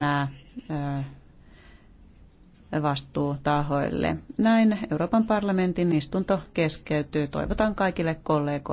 nämä vastuutahoille. Näin Euroopan parlamentin istunto keskeytyy. Toivotan kaikille kollegoille